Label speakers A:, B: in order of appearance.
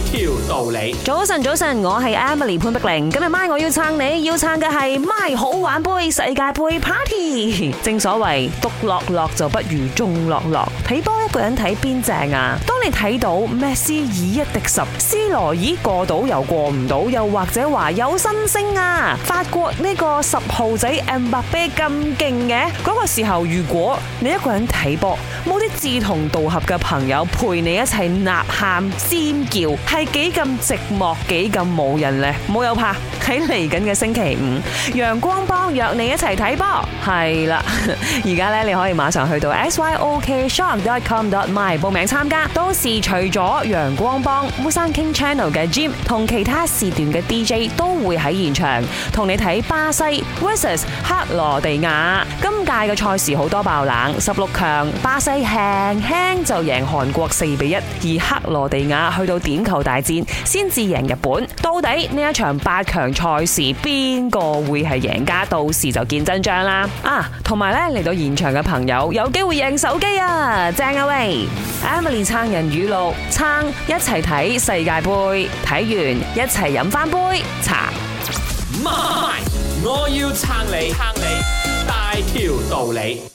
A: 條
B: 道理，早晨早晨，我係 Emily 潘碧玲。今日 MY 我要撐你，要撐嘅係 MY 好玩杯世界杯 Party。正所
A: 謂獨樂樂就不如眾樂樂，睇波一個人睇邊正啊？當你睇到 Messi 以一敵十，C 羅已過到又過唔到，又或者話有新星啊？法國呢個十號仔 Mbappe 咁勁嘅，嗰、嗰個時候，如果你一個人睇波，冇啲志同道合嘅朋友陪你一齊吶喊尖叫，係幾咁寂寞，幾咁冇人呢？冇有怕？喺嚟緊嘅星期五，陽光幫約你一齊睇波，係啦！而家咧你可以馬上去到 syok.com.my 報名參加，到時除咗陽光幫 Musang King Channel 嘅 Jim 同其他時段嘅 DJ 都會喺現場同你睇巴西 vs 克羅地亞。今屆嘅賽事好多爆冷，十六強巴西輕輕就贏韓國四比一，而克羅地亞去到點球大戰先至贏日本。到底呢一場八強賽事邊個會係贏家？到時就見真章啦！啊，同埋咧，嚟到現場嘅朋友，有機會贏手機啊！正啊喂、Emily 撐人語錄，撐一齊睇世界杯，睇完一齊飲翻杯茶。我要撐你，撐你大條道理。